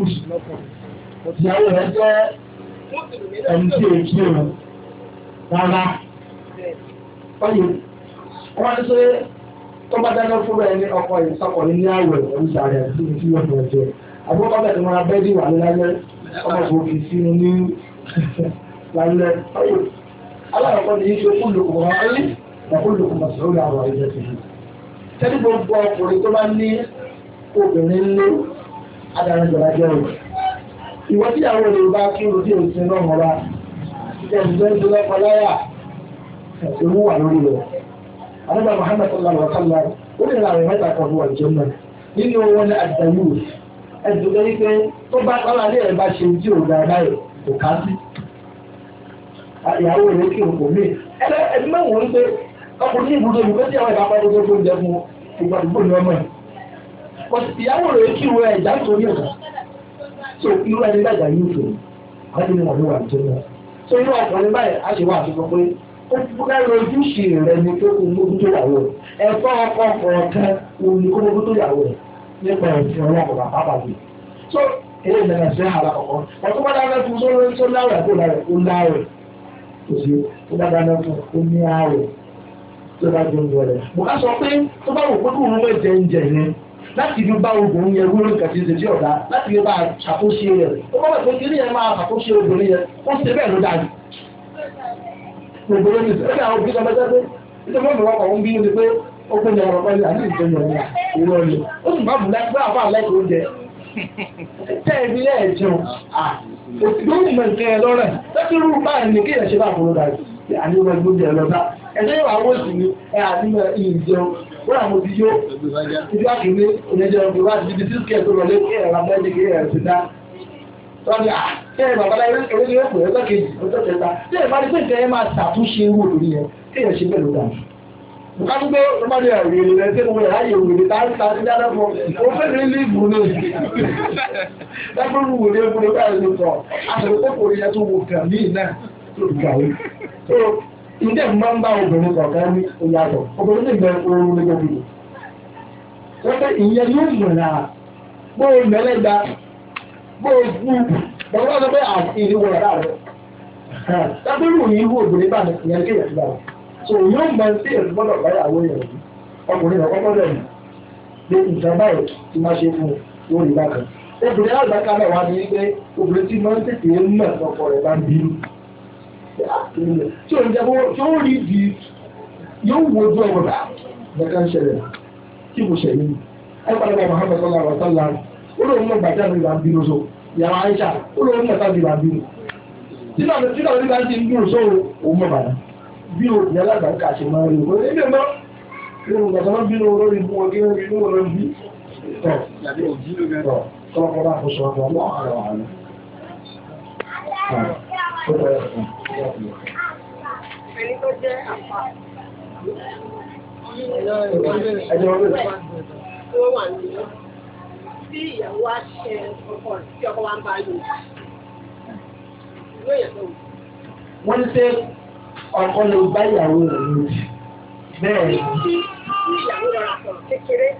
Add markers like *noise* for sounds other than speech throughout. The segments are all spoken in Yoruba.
mùsùlùmí ọkùnrin ìyàwó rẹ̀ jẹ́ ẹni tí èyí tí òun rárá ọyẹ wọn ṣe tó bá dáná fún bẹ́ẹ̀ ní ọkọ yìí sọkọ ní àwẹ̀ ẹ̀rú sàrẹ̀ àti ìfi ọ̀dọ̀ ẹ̀jẹ̀ àbúrò bẹ́ẹ̀ ni wọn abẹ́ dì wà lálẹ́ ọmọ kò fi sínú ní *laughs* lálẹ́ ọyẹ alákọ̀ọ́kọ́ ni yíṣe kú lòkùn wọn ayé ẹ̀kú lòkùn màsàlódà àwọn àìjẹ́ tẹ̀lé gbogbo ọkùnrin tó bá ní obìnrin lé adarí ìjọba jẹ́ ọ̀rọ̀. Ìwọ tí àwọn èrò bá kí o tí o ti náà mọ́ra, ìjọba ń dúró ọkọ láyà, ewu wà lórí rẹ̀. Àdébà Mùhàmmad Sallá wà kálá, ó lè ra àwọn mẹ́ta kan fún àjọ náà. Nínú wọn ni àdàlù, ẹ̀dùn lórí pé tó bá kọ́lá ní ẹ̀rọ bá ṣe tí ò dáa báyìí, kò ká sí. Ìyàwó rẹ̀ kí o kò mí. Ẹ̀dùn mẹ́wọ̀n ń pé ọkùnrin ìbùdó ìbùdó tí àwọn ìbápa ìyàwó rẹ̀ kí ìwé torí ọ̀gá so irú ẹni dàgbà yìí fò wọ́n ti ní wọ́n wà tó náà so irú ọkùnrin báyìí a ṣe wá àtúntò pé ó fúnra ojúṣe rẹ̀ ni pé kò mójú tó yàwó rẹ̀ ẹ̀fọ́ ọkọ̀ kọ̀ọ̀kan òun ni kò mójú tó yàwó rẹ̀ nípa ẹ̀sìn ọlọ́kọ̀ bàbá bàbá so eré ìlànà sí àrà ọ̀kọ́ ọ̀tún bá dáná fún sọ́lọ́ tó láwẹ̀ àbò láwẹ̀ ó láwẹ̀ kò sí ó bá dáná láti fi bá obìnrin yẹn wúlò kàtí ṣe tí ọ̀dà láti fi bá ṣàkóso yẹn o bá wẹ̀ pé kí ni yẹn máa ṣàkóso obìnrin yẹn ó ṣe bẹ́ẹ̀ ló dáa jù. obìnrin mi sọ pé àwọn obìnrin kan bá jáde nítorí wọn bọ̀ wọn bí ní pé ó kún ní ọ̀rọ̀ pẹ́lú àti ìjọ yẹn wà ìwọ ni ó sì bá bù láti bá àbá láti oúnjẹ. tẹ́ ẹ jẹun òtítọ́ ẹ̀jẹ̀ yóò àwọn òsì ni ẹ̀ àdínà ìyìn jẹun wọ́n àwọn òbí yó ibi àkìní ìyẹ̀jẹ̀ òbí wá síbi tí kẹ̀ tó lọlé kí ẹ̀rọ abẹ́lé kí ẹ̀rọ ti dá. Tọ́ni à ṣé ẹ̀ bàbá láyé eré ni yóò pè ọjọ́ kejì ọjọ́ kẹta ṣé ẹ̀ bá ní pé ìtẹ́yẹ máa ṣàtúnṣe irú òdòdó yẹn kí ẹ̀ ṣe bẹ́ẹ̀ ló dà. Bùkátú pé ó má ní ẹ̀rọ ìrìn rẹ̀ mo rẹ̀ láyè òwèrè tá a ti dáná fún ọ fẹ́ mi ní ìbò náà. Dábòrò wò ní egbò ní ló sọ, àṣẹ ìdẹ́ máa ń bá obìnrin kọ̀ọ̀kan ní ìyàtọ̀ obìnrin lè gbẹ ooru ní gbogbo wọ́n fẹ́ ìyẹn yóò mọ̀ náà bó o mẹ́lẹ́gba bó o fún bọ́n wọ́n sọ pé àfihàn wọ̀ ọ̀rá rẹ̀ lábẹ́rù yìí wú obìnrin bá mi ìyẹn kéèyàn ti bá wọn so yóò mọ sí èsì gbọ́dọ̀ báyàwó yẹn ọkùnrin náà kọ́kọ́ rẹ̀ ní ìjọba ẹ̀ ti máa ṣe fún wọn ìgbà kan obìnrin tí ó ń jẹ́ tí ó rí di yóò wo ojú ọ̀rọ̀ rà lẹ́ka ń ṣẹlẹ̀ kí kò ṣẹlẹ̀ ẹ padà bá Muhammad sallallahu alaihi wa sallam ó lóun mọ̀ gbàdá mi là ń bínú so ìyàwó Aisha ó lóun mọ̀ sábì là ń bínú títà títà nígbà tí ń bínú sóòrò òun mọ̀ bàdá bí o ìyá alágbàǹkà ṣe máa rí o ebi mọ́ ní o gbàgbọ́ bínú lórí mú ọ kí wọ́n bínú lórí bí tọ̀ tọ̀ kọ́lá kọ́lá àkóso àwọn ọmọ ẹni tó jẹ́ àpá tó wà nílé tí ìyàwó wa ṣe ọkọ tí ọkọ wa ń bá lò ìwé ìyàtọ̀ wò. wọ́n ní pé ọkọ lè bá ìyàwó rẹ̀ lò bẹ́ẹ̀ ni. tí ìyàwó rọra sọ̀rọ̀ kékeré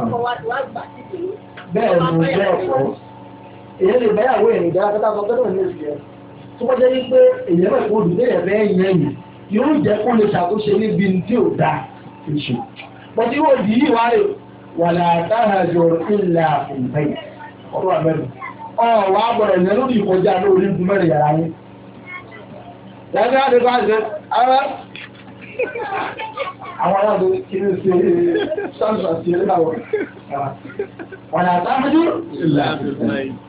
ọkọ wa ti wá gbà sí ìdòwò. bẹ́ẹ̀ ni bẹ́ẹ̀ kọ́ èyí lè bá ìyàwó rẹ̀ dára kátà sọ ní oṣù tó bá jẹ́ wípé èèyàn náà kó dùdé ẹ̀rẹ́ yẹn yìí yóò jẹ́ kó lè ṣàkóso níbi tí ò dáa fi ṣe. bọ́dí yóò di yìí wá rè wàlà àtàhàjọ ìlà òǹtẹ̀yìn ọ̀rọ̀ àmẹ́rin. ọ̀wọ́ àbọ̀rẹ̀ yẹn lórí ìkọjá lórí ikú mẹ́rin yàrá yín. lẹ́yìn àti bá ṣe ara àwọn aláàbò kí ni ṣe ṣáàṣì àti ẹ̀rẹ́ náà wọ̀n àtàhàjọ ìlà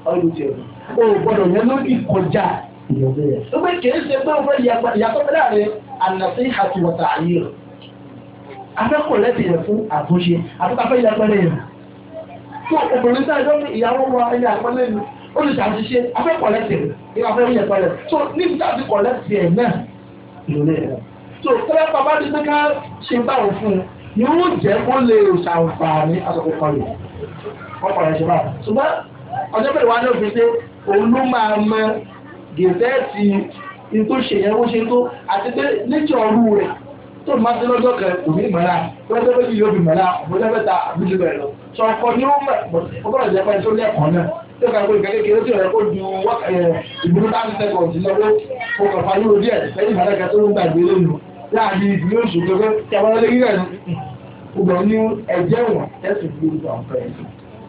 òǹtẹ̀yìn ọ̀rọ̀ ó pé kìí ṣe pé ó fẹ́ yàtọ̀ pé láàrin ànàfẹ́ àti wọ̀tà àyè rẹ̀ afẹ́kọ̀ọ́ lẹ́sìn rẹ̀ fún àtúnṣe àtúntàfẹ́ yàgbẹ́rẹ́ rẹ̀ tó obìnrin tá a jọ ní ìyàwó wa ẹni àpẹẹrẹ ni ó lè ṣàṣìṣe afẹ́kọ̀ọ́ lẹ́sìn rẹ̀ ìwà afẹ́kọ̀ọ́ yàgbẹ́rẹ́ rẹ̀ tó níbi tá a ti kọ̀ lẹ́sìn ẹ̀ náà lórí rẹ̀ tó tẹ́lẹ̀ bàbá ti ká ṣe báwọn fún un ni wọ́n jẹ́ kó lè ṣàǹfààní aṣọ kọlù ọkọ̀ rẹ̀ ṣe báwọn ṣùgbọ́n ọjọ́ bẹ̀rẹ̀ wá ní òfin gẹ̀ẹ́sì in tó ṣe yẹn bó ṣe tó àti pé nature ọrú rẹ̀ tó máa ṣe lọ́jọ́ kan kò ní ìmọ̀lá lọ́jọ́ méjì yóò bí ìmọ̀lá ọ̀bọ̀jọ́ mẹ́ta àbújọ bẹ̀rẹ̀ lọ sọ ọkọ ní ó mọ̀ ọgbọ́dọ̀ jẹ́ pẹ́ tó lẹ́kọ̀ọ́ náà tó ká gbé ìgbàlẹ̀ kéré tó yẹ kó ju ìgbìmọ̀ láti tẹ̀kọ̀ sí lọ́wọ́ kó kọ̀ọ̀fà yóò díẹ̀ lẹ́yìn ìmọ̀lẹ́kẹ́ tó ń gbàgbé lónìí a bá lọ́lẹ́ yíra ẹ̀nu ọgbọ̀n ní ẹ̀jẹ̀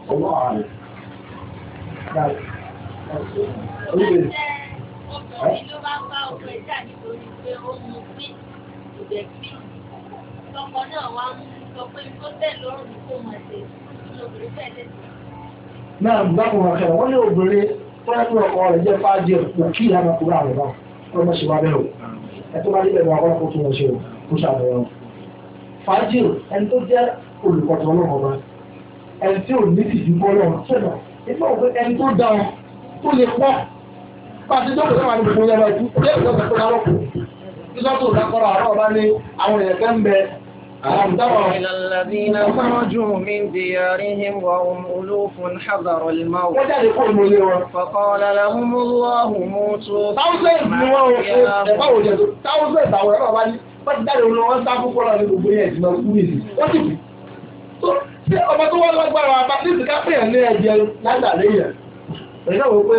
wọn Èyí ló bá bá ọkọ ìjà nítorí pé ó mú pé ìbẹ̀ pé tọkọ náà wá mú sọ pé tó tẹ̀ lọ́rùn ní kó máa ṣe kí obìnrin fẹ́ tẹ̀sí. Náà báwo wà kẹ́rẹ̀ wọ́n ní obìnrin tó yẹ kí ọkọ rẹ̀ jẹ́ fáájì kò kí ìlànà kúrò àwọn ọ̀gá ọmọ ṣe wá bẹ́ẹ̀ o. Ẹ tó bá níbẹ̀ ní ọkọ̀ tó wọ́n ṣe o kó ṣàbẹ̀wọ̀. Fáájì ẹni tó jẹ́ olùkọ́tọ̀ ọlọ́run ọba ẹni tí ò ní tìjú bọ́ lọ́run tó ẹni tó dá ọ tó lè pọ̀ pàṣẹ tó kò sábà ní gbogbo yẹn lọ́jú bí ẹ̀rọ tó kọ́ lárọ́ kù nígbà tó kọ́ kọ́ra àárọ̀ ọba ní àwọn èèyàn kan bẹ إلى الذين خرجوا wọ́n dáre wọn wọ́n sá ní ìsìnká pé ẹ̀ ní ẹ̀jẹ̀ látàlẹ́yìn ẹ̀ náà pé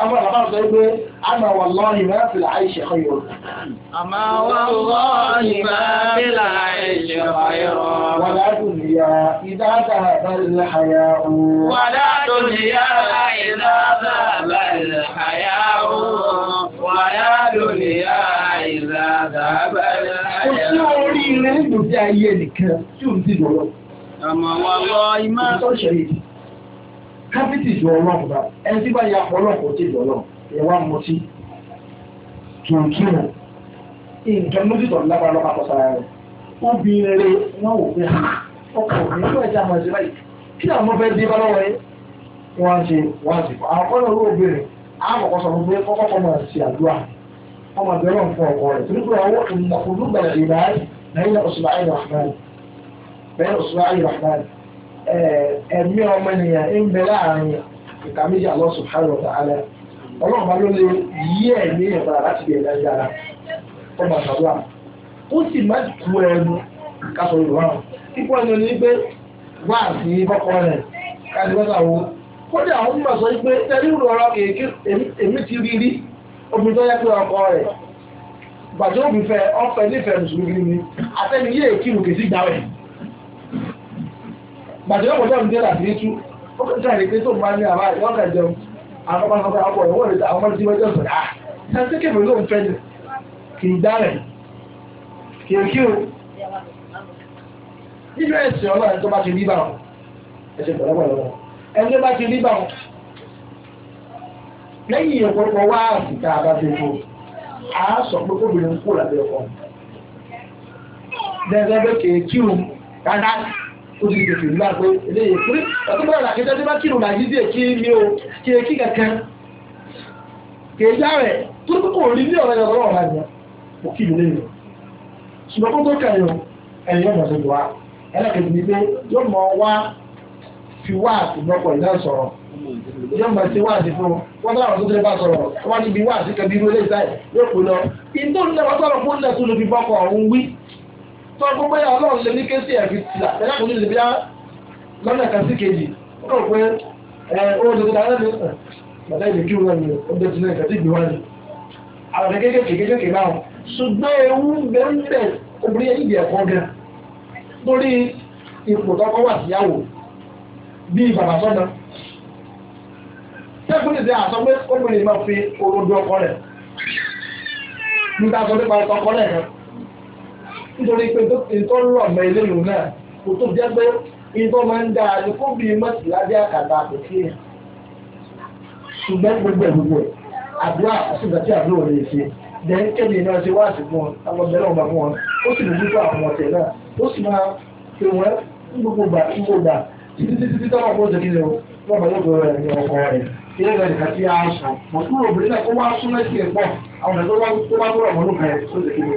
àwọn bàbá sọ pé àmà wà lọ́ọ̀yìn máa fi là àìṣe kan yòó. àmà wà lọ́ọ̀yìn máa fi là àìṣe kan yòó. wàlá dùnìyà ìdáta àbálẹ̀ àyà o. wàlá dùnìyà ìdáta àbálẹ̀ àyà o. wàlá dùnìyà ìdáta àbálẹ̀ àyà o. kò sí oríire nígbòdì ayé nìkan tí ò ń dìbò lọ. àmà wà lọ́ọ̀yìn máa. ìtọ́jú ẹ̀yìn. títì ju ọlọ́run bá ẹni tí bá ya ọlọ́run kò tí ju ọlọ́run ìwà mọtí kìrìkìrì nǹkan méjì tọ̀ lápá lọ́pàá sára rẹ̀ obìnrin rẹ̀ wọ́n wò pé ah, ọkọ̀ báyìí kí àwọn ọmọ bá lọ́wọ́ yẹn wọ́n á ṣe wọ́n á ṣe fún àwọn sọ fún kọ́kọ́ àdúrà ọmọ Eh, ẹ̀mí ọmọ ènìyàn ń bẹ láàrin ìka méjì Allah subhanahu wa ta'ala ọlọ́run yie ló lè yí ẹ̀mí ìpadà láti bí ẹ̀dá yára ọmọ ó sì má ẹnu kásọ yorùbá wọn pé wá sí bọ́kọ káàdì wo àwọn sọ pé ẹni kéèké èmi ti rí rí omi tó yẹ pé ọkọ rẹ̀ gbàtó òbí fẹ́ ọ̀fẹ́ nífẹ̀ẹ́ mùsùlùmí ni àtẹniyé èkìrù kèsì gbàdé ọ̀pọ̀ tó ń jẹ́ láti létú ó kàn ká ìrèké tó ń bá ní àbá ìwọ́n kà jẹun àkọ́kọ́ àpọ̀ ìwọ́n rẹ̀ àwọn ọmọdé tí wọ́n jẹ́ sọ̀rọ̀ à ṣáà tí kébè ló ń fẹ́ ni kì í dárẹ̀ kì í kí o nínú ẹ̀sìn ọlọ́run tó bá ti rí bá wọn ẹ̀sìn pẹ̀lẹ́pẹ̀lẹ́ ẹni tó bá ti rí bá wọn lẹ́yìn ọ̀pọ̀lọpọ̀ wá àsìkà àbájọ ìfọ̀ à á sọ pé kóbìnrin kúrò lábẹ́ ọkọ dẹ́gbẹ́ bẹ́ẹ̀ kì í kí o rárá ó ti tètè nígbà pé eléyìí pé ọtún bọ́ọ̀lù àkẹ́jọ́ tí bá kírun nàìjíríà kí ni o kí ekí kankan kì í yá rẹ̀ tó tó kò rí ní ọ̀rẹ́ ọ̀rọ̀ ọ̀rọ̀ àgbà ó kí ìlú lẹ́yìn ṣùgbọ́n kó tó kẹyọ ẹ̀yìn ọ̀nà tó wá ẹlẹ́kẹ̀ẹ́ ni pé yóò mọ wá fi wá àtìgbọ́pọ̀ ìná sọ̀rọ̀ yóò mọ sí wá àti fún wọn tó láwọn tó tẹ́lẹ̀ bá sọ̀rọ̀ wọn níbi wá àti kẹbí irú eléyìí báyìí yóò kó lọ ìdó ńlẹ̀ wọn sọ̀rọ̀ fún ńlẹ̀ tó lóbi tó fún bóyá ọlọ́run lè ní ké sí ẹ̀fí tìlà ẹ̀yà kò ní lè bí lọ́nà kan sí kejì ó kọ̀ pé ó lè dá lẹ́nu bàtà ìlú kí wọn ni ó bẹ tilẹ̀ kàtí ìgbé wọn ni. àwọn ọ̀dẹ kéékèèké kéékèèké náà ṣùgbọ́n ewu bẹ́ẹ̀ obìnrin ìdí ẹ̀kọ́ gan torí ipò tọkọ wà síyàwó bíi bàbá sọ́nà tẹ́kùn ní ti àsọ pé obìnrin máa fi orodo ọkọ rẹ̀ nígbà tó nípa ọkọ rẹ̀ nítorí pé tó ti tọ́ lọ̀ mọ eléyìí náà kò tó jẹ́ pé ìbọn máa ń dáa ní kó bíi mọ́tìlábí àkàtà kò sí ẹ̀ ṣùgbọ́n gbogbo ẹ̀ gbogbo ẹ̀ àdúrà àṣìgbà tí àdúrà rẹ̀ ṣe jẹ́ kébì náà ṣe wá àṣìgbọ́n àgbọ̀bẹ̀ náà máa wọn ó sì lójú tó àwọn ọ̀tẹ̀ náà ó sì máa pè wọ́n ní gbogbo gbà ní gbogbo gbà títí títí táwọn ọkọ̀ òjòkí lọ wọ́n máa rẹ̀ ní ọkọ̀ rẹ̀ kí ẹ bẹ̀rẹ̀ kàtí àṣà mọ̀tún obìnrin náà kó wá súnmọ́ sí ẹ̀pọ̀ àwọn ẹ̀gbọ́n tó bá tó rọ̀ mọ́nú kan ẹ̀ tó jẹ́ kí lọ.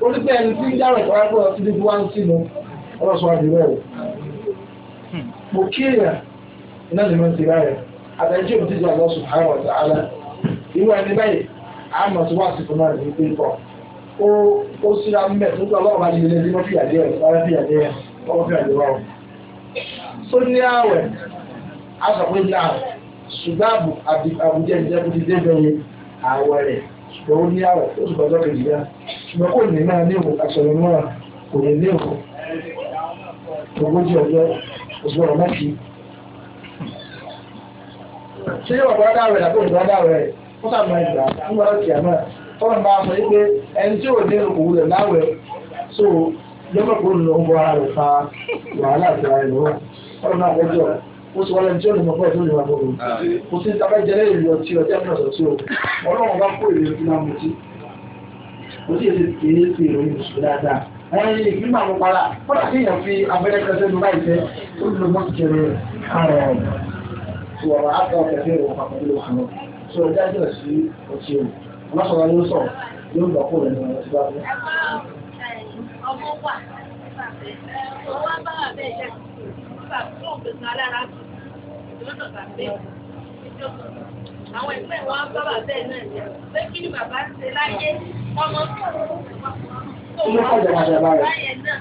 onífẹ́ ẹni tí ń dárò ìpàdé pọ̀ sí wá ń sínú ọlọ́sọ hmm. rẹ̀ mo iná ti rà rẹ̀ òun ti di àlọ́ sùn àwọn ọ̀tá àlà irú ẹni báyìí àmọ̀ tí wọ́n àsìkò náà ní pé pọ̀ ó síra mẹ́ tó tó ọlọ́run bá ti lè lé fìyà dé rẹ̀ rárá fìyà dé fìyà dé ní àwẹ̀ ṣùgbọ́n ó ní àwọ̀ ó sì bàjọ́ kejì yá ṣùgbọ́n kò ní náà ní ìwòkà sọ̀rọ̀ náà kò ní ní ìwò ogójì ọjọ́ òṣùwọ̀n ọ̀nà kì í. bá dáwẹ̀ dáwẹ̀ ó sọ pé ẹni tí ò so ń bọ ara rẹ̀ fa wàhálà àti ó sì wọlé tí ó lè mọ fún ẹ tó lè wà fún mi kò sí níta bá jẹrẹ èrè ọtí ọtí ẹgbẹ́ ọ̀sọ̀ tí o ọlọ́run bá kó èrè fún àwọn ọtí kò sí èsì kìí fi ìròyìn mùsùlùmí dáadáa àwọn ẹni ìgbìmọ̀ àwọn para kọ́dà kí èèyàn fi abẹ́rẹ́ kẹsẹ́ lu láì fẹ́ ó lè mọ́ kẹrẹ ààrẹ ọ̀nà tó ọ̀rọ̀ àtọ̀ kẹfẹ́ rẹ̀ papọ̀ ló hàn án tó ọjà o ọlọ́sọ̀rọ̀ ló sọ yóò gbà kó rẹ̀ ní ọtí bá fẹ́. ọmọ wà nípa bẹ́ẹ̀ ọwọ́ tó ń gbèsè alára tó ìdúrótò tàbí ìjọba àwọn ìpín wọn sábà bẹ́ẹ̀ náà pé kí ni bàbá ṣe láyé ọmọ tó ń bọ̀ láyé náà.